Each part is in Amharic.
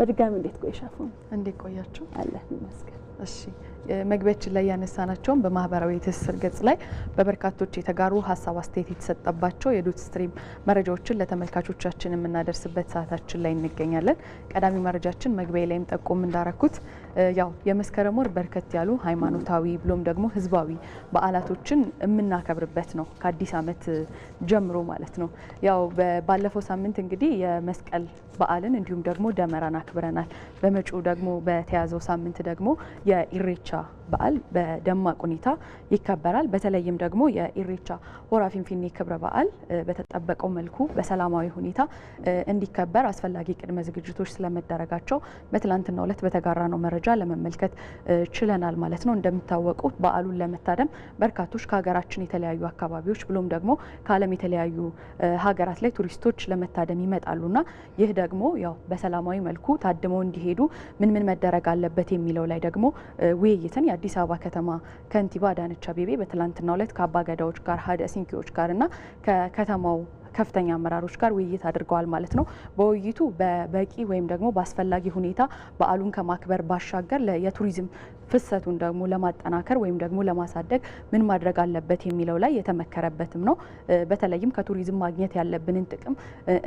በድጋሚ እንዴት ቆየሽ? አፎም እንዴት ቆያችሁ? አላህ ይመስገን። እሺ መግቢያችን ላይ ያነሳናቸውን በማህበራዊ የትስስር ገጽ ላይ በበርካቶች የተጋሩ ሀሳብ፣ አስተያየት የተሰጠባቸው የዶት ስትሪም መረጃዎችን ለተመልካቾቻችን የምናደርስበት ሰዓታችን ላይ እንገኛለን። ቀዳሚ መረጃችን መግቢያ ላይም ጠቆም እንዳረኩት ያው የመስከረም ወር በርከት ያሉ ሃይማኖታዊ ብሎም ደግሞ ህዝባዊ በዓላቶችን የምናከብርበት ነው ከአዲስ ዓመት ጀምሮ ማለት ነው። ያው ባለፈው ሳምንት እንግዲህ የመስቀል በዓልን እንዲሁም ደግሞ ደመራን አክብረናል። በመጪው ደግሞ በተያዘው ሳምንት ደግሞ የኢሬቻ Tchau. በዓል በደማቅ ሁኔታ ይከበራል። በተለይም ደግሞ የኢሬቻ ሆራ ፊንፊኔ ክብረ በዓል በተጠበቀው መልኩ በሰላማዊ ሁኔታ እንዲከበር አስፈላጊ ቅድመ ዝግጅቶች ስለመደረጋቸው በትላንትናው ዕለት በተጋራ ነው መረጃ ለመመልከት ችለናል ማለት ነው። እንደሚታወቁት በዓሉን ለመታደም በርካቶች ከሀገራችን የተለያዩ አካባቢዎች ብሎም ደግሞ ከዓለም የተለያዩ ሀገራት ላይ ቱሪስቶች ለመታደም ይመጣሉና ይህ ደግሞ ያው በሰላማዊ መልኩ ታድመው እንዲሄዱ ምን ምን መደረግ አለበት የሚለው ላይ ደግሞ ውይይትን የአዲስ አበባ ከተማ ከንቲባ አዳነች አቤቤ በትላንትናው ከአባ ከአባገዳዎች ጋር ሀደ ሲንኪዎች ጋርና ከከተማው ከፍተኛ አመራሮች ጋር ውይይት አድርገዋል ማለት ነው። በውይይቱ በበቂ ወይም ደግሞ በአስፈላጊ ሁኔታ በዓሉን ከማክበር ባሻገር የቱሪዝም ፍሰቱን ደግሞ ለማጠናከር ወይም ደግሞ ለማሳደግ ምን ማድረግ አለበት የሚለው ላይ የተመከረበትም ነው። በተለይም ከቱሪዝም ማግኘት ያለብንን ጥቅም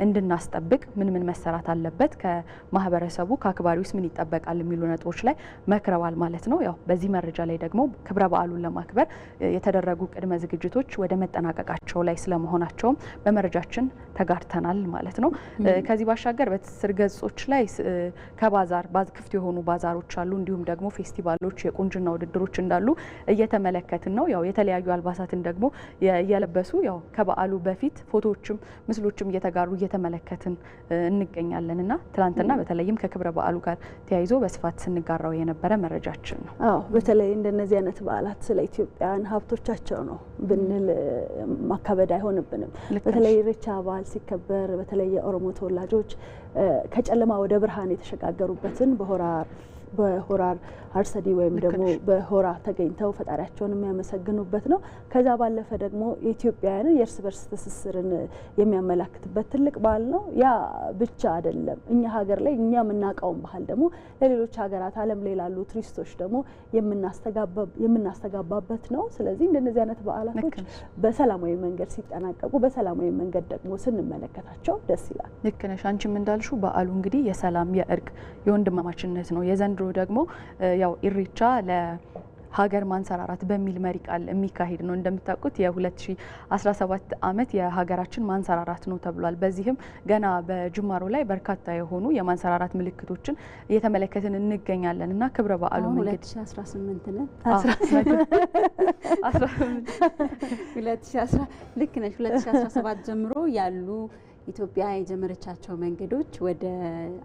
እንድናስጠብቅ ምን ምን መሰራት አለበት፣ ከማህበረሰቡ ከአክባሪውስ ምን ይጠበቃል የሚሉ ነጥቦች ላይ መክረዋል ማለት ነው። ያው በዚህ መረጃ ላይ ደግሞ ክብረ በዓሉን ለማክበር የተደረጉ ቅድመ ዝግጅቶች ወደ መጠናቀቃቸው ላይ ስለመሆናቸውም በመረጃችን ተጋርተናል ማለት ነው። ከዚህ ባሻገር በትስስር ገጾች ላይ ከባዛር ክፍት የሆኑ ባዛሮች አሉ። እንዲሁም ደግሞ ፌስቲቫሎች ሌሎች የቁንጅና ውድድሮች እንዳሉ እየተመለከትን ነው። ያው የተለያዩ አልባሳትን ደግሞ እየለበሱ ያው ከበዓሉ በፊት ፎቶዎችም ምስሎችም እየተጋሩ እየተመለከትን እንገኛለን እና ትናንትና በተለይም ከክብረ በዓሉ ጋር ተያይዞ በስፋት ስንጋራው የነበረ መረጃችን ነው። አዎ በተለይ እንደነዚህ አይነት በዓላት ስለ ኢትዮጵያን ሀብቶቻቸው ነው ብንል ማካበድ አይሆንብንም። በተለይ ኢሬቻ በዓል ሲከበር በተለይ የኦሮሞ ተወላጆች ከጨለማ ወደ ብርሃን የተሸጋገሩበትን በሆራ በሆራር አርሰዲ ወይም ደግሞ በሆራ ተገኝተው ፈጣሪያቸውን የሚያመሰግኑበት ነው። ከዛ ባለፈ ደግሞ የኢትዮጵያውያንን የእርስ በርስ ትስስርን የሚያመላክትበት ትልቅ በዓል ነው። ያ ብቻ አይደለም። እኛ ሀገር ላይ እኛ የምናውቀውን ባህል ደግሞ ለሌሎች ሀገራት፣ ዓለም ላይ ላሉ ቱሪስቶች ደግሞ የምናስተጋባበት ነው። ስለዚህ እንደነዚህ አይነት በዓላቶች በሰላማዊ መንገድ ሲጠናቀቁ በሰላማዊ መንገድ ደግሞ ስንመለከታቸው ደስ ይላል። ልክ ነሽ። አንቺም እንዳልሹ በዓሉ እንግዲህ የሰላም የእርቅ የወንድማማችነት ነው የዘንድሮ ዘንድሮ ደግሞ ያው ኢሬቻ ለ ሀገር ማንሰራራት በሚል መሪ ቃል የሚካሄድ ነው። እንደምታውቁት የ2017 ዓመት የሀገራችን ማንሰራራት ነው ተብሏል። በዚህም ገና በጅማሮ ላይ በርካታ የሆኑ የማንሰራራት ምልክቶችን እየተመለከትን እንገኛለን እና ክብረ በዓሉ ልክ ነሽ 2017 ጀምሮ ያሉ ኢትዮጵያ የጀመረቻቸው መንገዶች ወደ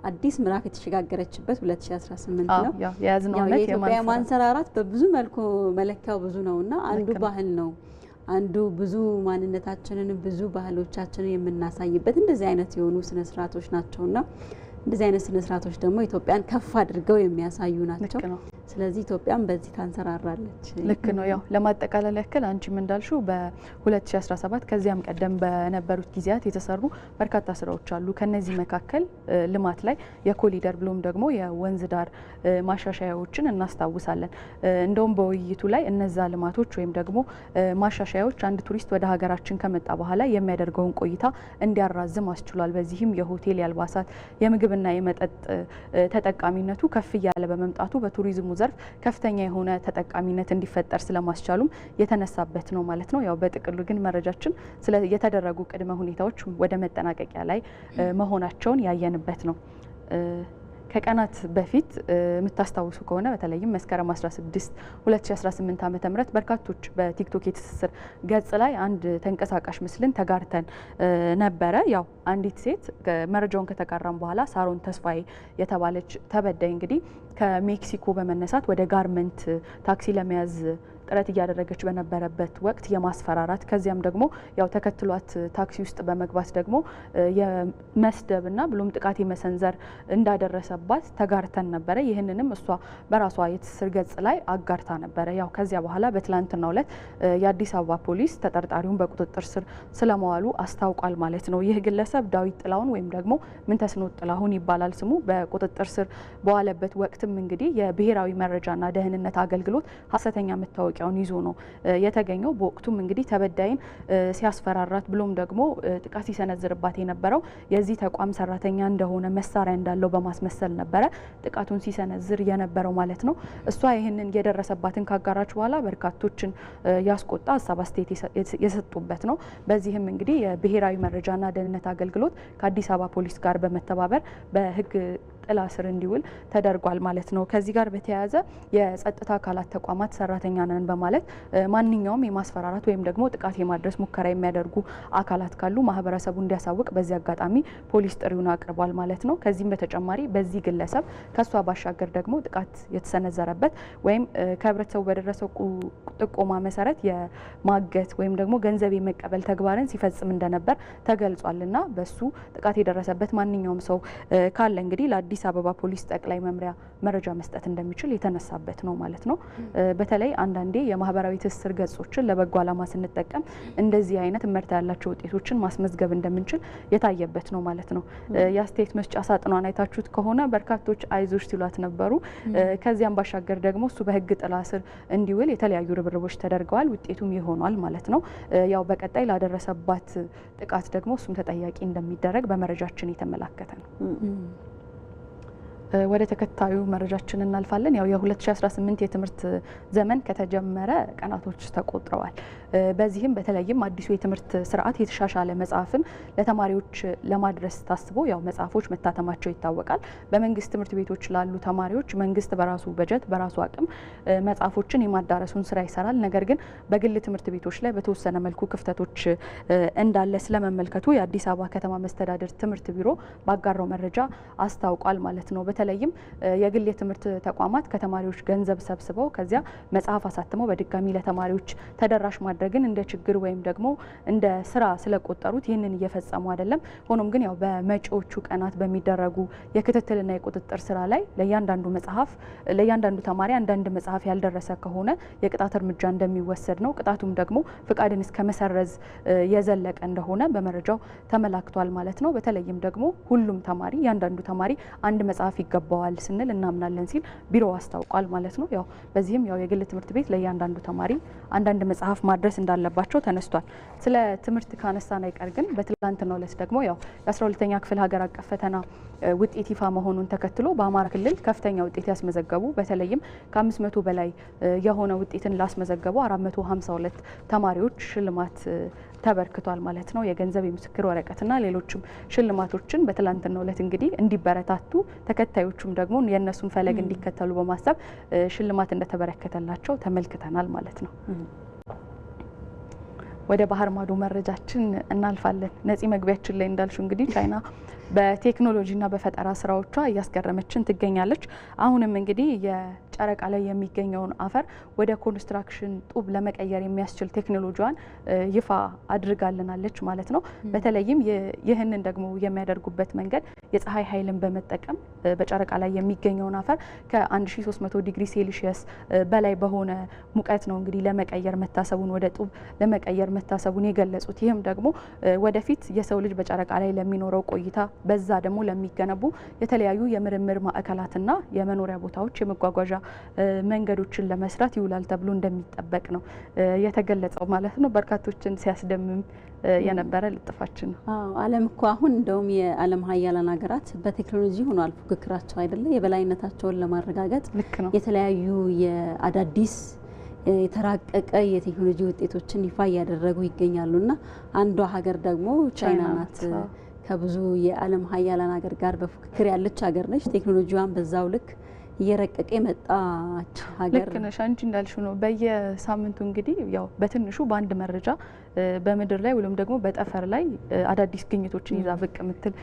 አዲስ ምዕራፍ የተሸጋገረችበት 2018 ነው። የኢትዮጵያ ማንሰራራት በብዙ መልኩ መለኪያው ብዙ ነው እና አንዱ ባህል ነው አንዱ ብዙ ማንነታችንን ብዙ ባህሎቻችንን የምናሳይበት እንደዚህ አይነት የሆኑ ስነስርዓቶች ናቸውና እንደዚህ አይነት ስነስርዓቶች ደግሞ ኢትዮጵያን ከፍ አድርገው የሚያሳዩ ናቸው። ስለዚህ ኢትዮጵያም በዚህ ታንሰራራለች። ልክ ነው። ያው ለማጠቃለል ያክል አንቺም እንዳልሽው በ2017 ከዚያም ቀደም በነበሩት ጊዜያት የተሰሩ በርካታ ስራዎች አሉ። ከነዚህ መካከል ልማት ላይ የኮሊደር ብሎም ደግሞ የወንዝ ዳር ማሻሻያዎችን እናስታውሳለን። እንደውም በውይይቱ ላይ እነዛ ልማቶች ወይም ደግሞ ማሻሻያዎች አንድ ቱሪስት ወደ ሀገራችን ከመጣ በኋላ የሚያደርገውን ቆይታ እንዲያራዝም አስችሏል። በዚህም የሆቴል፣ የአልባሳት፣ የምግብና የመጠጥ ተጠቃሚነቱ ከፍ እያለ በመምጣቱ በቱሪዝሙ ዘርፍ ከፍተኛ የሆነ ተጠቃሚነት እንዲፈጠር ስለማስቻሉም የተነሳበት ነው ማለት ነው። ያው በጥቅሉ ግን መረጃችን ስለ የተደረጉ ቅድመ ሁኔታዎች ወደ መጠናቀቂያ ላይ መሆናቸውን ያየንበት ነው። ከቀናት በፊት የምታስታውሱ ከሆነ በተለይም መስከረም 16 2018 ዓ ም በርካቶች በቲክቶክ የትስስር ገጽ ላይ አንድ ተንቀሳቃሽ ምስልን ተጋርተን ነበረ። ያው አንዲት ሴት መረጃውን ከተጋራም በኋላ ሳሮን ተስፋዬ የተባለች ተበዳይ እንግዲህ ከሜክሲኮ በመነሳት ወደ ጋርመንት ታክሲ ለመያዝ ጥረት እያደረገች በነበረበት ወቅት የማስፈራራት ከዚያም ደግሞ ያው ተከትሏት ታክሲ ውስጥ በመግባት ደግሞ የመስደብና ብሎም ጥቃት የመሰንዘር እንዳደረሰባት ተጋርተን ነበረ። ይህንንም እሷ በራሷ የትስስር ገጽ ላይ አጋርታ ነበረ። ያው ከዚያ በኋላ በትላንትናው ዕለት የአዲስ አበባ ፖሊስ ተጠርጣሪውን በቁጥጥር ስር ስለመዋሉ አስታውቋል ማለት ነው። ይህ ግለሰብ ዳዊት ጥላሁን ወይም ደግሞ ምንተስኖት ጥላሁን ይባላል ስሙ። በቁጥጥር ስር በዋለበት ወቅትም እንግዲህ የብሔራዊ መረጃና ደህንነት አገልግሎት ሀሰተኛ መታወቂያ መታወቂያውን ይዞ ነው የተገኘው። በወቅቱም እንግዲህ ተበዳይን ሲያስፈራራት ብሎም ደግሞ ጥቃት ሲሰነዝርባት የነበረው የዚህ ተቋም ሰራተኛ እንደሆነ መሳሪያ እንዳለው በማስመሰል ነበረ ጥቃቱን ሲሰነዝር የነበረው ማለት ነው። እሷ ይህንን የደረሰባትን ካጋራች በኋላ በርካቶችን ያስቆጣ ሀሳብ አስተያየት የሰጡበት ነው። በዚህም እንግዲህ የብሔራዊ መረጃና ደህንነት አገልግሎት ከአዲስ አበባ ፖሊስ ጋር በመተባበር በህግ ጥላ ስር እንዲውል ተደርጓል ማለት ነው። ከዚህ ጋር በተያያዘ የጸጥታ አካላት ተቋማት ሰራተኛ ነን በማለት ማንኛውም የማስፈራራት ወይም ደግሞ ጥቃት የማድረስ ሙከራ የሚያደርጉ አካላት ካሉ ማህበረሰቡ እንዲያሳውቅ በዚህ አጋጣሚ ፖሊስ ጥሪውን አቅርቧል ማለት ነው። ከዚህም በተጨማሪ በዚህ ግለሰብ ከሷ ባሻገር ደግሞ ጥቃት የተሰነዘረበት ወይም ከህብረተሰቡ በደረሰው ጥቆማ መሰረት የማገት ወይም ደግሞ ገንዘብ የመቀበል ተግባርን ሲፈጽም እንደነበር ተገልጿልና በሱ ጥቃት የደረሰበት ማንኛውም ሰው ካለ እንግዲህ ለአዲስ የአዲስ አበባ ፖሊስ ጠቅላይ መምሪያ መረጃ መስጠት እንደሚችል የተነሳበት ነው ማለት ነው። በተለይ አንዳንዴ የማህበራዊ ትስስር ገጾችን ለበጎ አላማ ስንጠቀም እንደዚህ አይነት እመርታ ያላቸው ውጤቶችን ማስመዝገብ እንደምንችል የታየበት ነው ማለት ነው። የአስተያየት መስጫ ሳጥኗን አይታችሁት ከሆነ በርካቶች አይዞች ሲሏት ነበሩ። ከዚያም ባሻገር ደግሞ እሱ በህግ ጥላ ስር እንዲውል የተለያዩ ርብርቦች ተደርገዋል። ውጤቱም ይሆኗል ማለት ነው። ያው በቀጣይ ላደረሰባት ጥቃት ደግሞ እሱም ተጠያቂ እንደሚደረግ በመረጃችን የተመላከተ ነው። ወደ ተከታዩ መረጃችን እናልፋለን። ያው የ2018 የትምህርት ዘመን ከተጀመረ ቀናቶች ተቆጥረዋል። በዚህም በተለይም አዲሱ የትምህርት ስርዓት የተሻሻለ መጽሐፍን ለተማሪዎች ለማድረስ ታስቦ ያው መጽሐፎች መታተማቸው ይታወቃል። በመንግስት ትምህርት ቤቶች ላሉ ተማሪዎች መንግስት በራሱ በጀት በራሱ አቅም መጽሐፎችን የማዳረሱን ስራ ይሰራል። ነገር ግን በግል ትምህርት ቤቶች ላይ በተወሰነ መልኩ ክፍተቶች እንዳለ ስለመመልከቱ የአዲስ አበባ ከተማ መስተዳደር ትምህርት ቢሮ ባጋራው መረጃ አስታውቋል ማለት ነው። በተለይም የግል የትምህርት ተቋማት ከተማሪዎች ገንዘብ ሰብስበው ከዚያ መጽሐፍ አሳትመው በድጋሚ ለተማሪዎች ተደራሽ ማድረግን እንደ ችግር ወይም ደግሞ እንደ ስራ ስለቆጠሩት ይህንን እየፈጸሙ አይደለም። ሆኖም ግን ያው በመጪዎቹ ቀናት በሚደረጉ የክትትልና የቁጥጥር ስራ ላይ ለእያንዳንዱ መጽሐፍ ለእያንዳንዱ ተማሪ አንዳንድ መጽሐፍ ያልደረሰ ከሆነ የቅጣት እርምጃ እንደሚወሰድ ነው። ቅጣቱም ደግሞ ፍቃድን እስከ መሰረዝ የዘለቀ እንደሆነ በመረጃው ተመላክቷል ማለት ነው። በተለይም ደግሞ ሁሉም ተማሪ እያንዳንዱ ተማሪ አንድ መጽሐፍ ይገባዋል ስንል እናምናለን ሲል ቢሮ አስታውቋል ማለት ነው። ያው በዚህም ያው የግል ትምህርት ቤት ለእያንዳንዱ ተማሪ አንዳንድ መጽሐፍ ማድረስ እንዳለባቸው ተነስቷል። ስለ ትምህርት ካነሳን አይቀር ግን በትላንትናው ዕለት ደግሞ ያው የ12ኛ ክፍል ሀገር አቀፍ ፈተና ውጤት ይፋ መሆኑን ተከትሎ በአማራ ክልል ከፍተኛ ውጤት ያስመዘገቡ በተለይም ከ500 በላይ የሆነ ውጤትን ላስመዘገቡ 452 ተማሪዎች ሽልማት ተበርክቷል ማለት ነው። የገንዘብ የምስክር ወረቀትና ሌሎችም ሽልማቶችን በትላንትናው ዕለት እንግዲህ እንዲበረታቱ ተከታይ ተከታዮቹም ደግሞ የእነሱን ፈለግ እንዲከተሉ በማሰብ ሽልማት እንደተበረከተላቸው ተመልክተናል ማለት ነው። ወደ ባህር ማዶ መረጃችን እናልፋለን። ነፂ መግቢያችን ላይ እንዳልሹ እንግዲህ ቻይና በቴክኖሎጂና በፈጠራ ስራዎቿ እያስገረመችን ትገኛለች። አሁንም እንግዲህ ጨረቃ ላይ የሚገኘውን አፈር ወደ ኮንስትራክሽን ጡብ ለመቀየር የሚያስችል ቴክኖሎጂዋን ይፋ አድርጋልናለች ማለት ነው። በተለይም ይህንን ደግሞ የሚያደርጉበት መንገድ የፀሐይ ኃይልን በመጠቀም በጨረቃ ላይ የሚገኘውን አፈር ከ1300 ዲግሪ ሴልሺየስ በላይ በሆነ ሙቀት ነው እንግዲህ ለመቀየር መታሰቡን ወደ ጡብ ለመቀየር መታሰቡን የገለጹት። ይህም ደግሞ ወደፊት የሰው ልጅ በጨረቃ ላይ ለሚኖረው ቆይታ በዛ ደግሞ ለሚገነቡ የተለያዩ የምርምር ማዕከላትና የመኖሪያ ቦታዎች የመጓጓዣ መንገዶችን ለመስራት ይውላል ተብሎ እንደሚጠበቅ ነው የተገለጸው ማለት ነው። በርካቶችን ሲያስደምም የነበረ ልጥፋችን ነው። ዓለም እኮ አሁን እንደውም የዓለም ሀያላን ሀገራት በቴክኖሎጂ ሆኗል ፉክክራቸው አይደለ? የበላይነታቸውን ለማረጋገጥ ልክ ነው የተለያዩ የአዳዲስ የተራቀቀ የቴክኖሎጂ ውጤቶችን ይፋ እያደረጉ ይገኛሉ። እና አንዷ ሀገር ደግሞ ቻይና ናት። ከብዙ የዓለም ሀያላን ሀገር ጋር በፉክክር ያለች ሀገር ነች። ቴክኖሎጂዋን በዛው ልክ እየረቀቀ የመጣች ሀገር ልክ ነሽ። አንቺ እንዳልሽው ነው። በየሳምንቱ እንግዲህ ያው በትንሹ በአንድ መረጃ በምድር ላይ ወይም ደግሞ በጠፈር ላይ አዳዲስ ግኝቶችን ይዛ ብቅ የምትል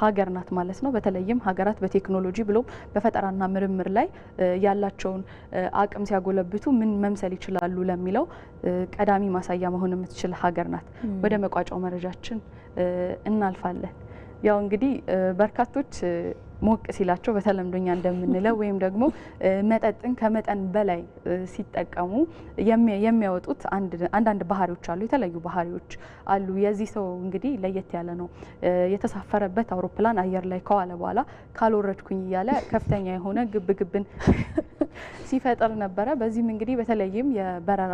ሀገር ናት ማለት ነው። በተለይም ሀገራት በቴክኖሎጂ ብሎም በፈጠራና ምርምር ላይ ያላቸውን አቅም ሲያጎለብቱ ምን መምሰል ይችላሉ ለሚለው ቀዳሚ ማሳያ መሆን የምትችል ሀገር ናት። ወደ መቋጫው መረጃችን እናልፋለን። ያው እንግዲህ በርካቶች ሞቅ ሲላቸው በተለምዶኛ እንደምንለው ወይም ደግሞ መጠጥን ከመጠን በላይ ሲጠቀሙ የሚያወጡት አንዳንድ ባህሪዎች አሉ፣ የተለያዩ ባህሪዎች አሉ። የዚህ ሰው እንግዲህ ለየት ያለ ነው። የተሳፈረበት አውሮፕላን አየር ላይ ከዋለ በኋላ ካልወረድኩኝ እያለ ከፍተኛ የሆነ ግብግብን ሲፈጥር ነበረ። በዚህም እንግዲህ በተለይም የበረራ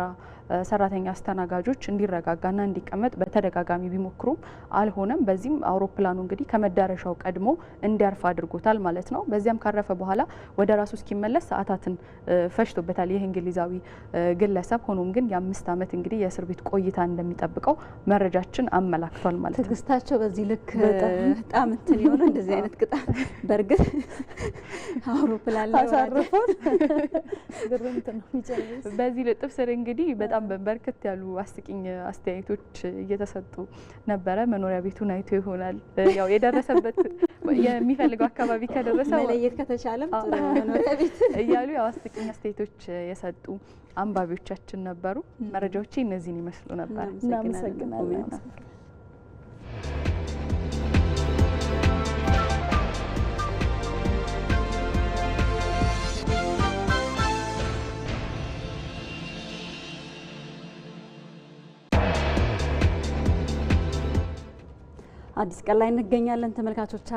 ሰራተኛ አስተናጋጆች እንዲረጋጋና እንዲቀመጥ በተደጋጋሚ ቢሞክሩም አልሆነም። በዚህም አውሮፕላኑ እንግዲህ ከመዳረሻው ቀድሞ እንዲያርፍ አድርጎታል ማለት ነው። በዚያም ካረፈ በኋላ ወደ ራሱ እስኪመለስ ሰዓታትን ፈጅቶበታል ይህ እንግሊዛዊ ግለሰብ። ሆኖም ግን የአምስት ዓመት እንግዲህ የእስር ቤት ቆይታ እንደሚጠብቀው መረጃችን አመላክቷል ማለት ነው። ትግስታቸው በዚህ ልክ በጣም እንትን የሆነ እንደዚህ አይነት ቅጣት በእርግጥ አውሮፕላን ላይ በዚህ ልጥፍ ስር እንግዲህ በጣም በጣም በርከት ያሉ አስቂኝ አስተያየቶች እየተሰጡ ነበረ። መኖሪያ ቤቱን አይቶ ይሆናል ያው የደረሰበት የሚፈልገው አካባቢ ከደረሰ መለየት ከተቻለም መኖሪያ ቤት እያሉ ያው አስቂኝ አስተያየቶች የሰጡ አንባቢዎቻችን ነበሩ። መረጃዎች እነዚህን ይመስሉ ነበር። እናመሰግናለን። አዲስ ቀን ላይ እንገኛለን ተመልካቾች።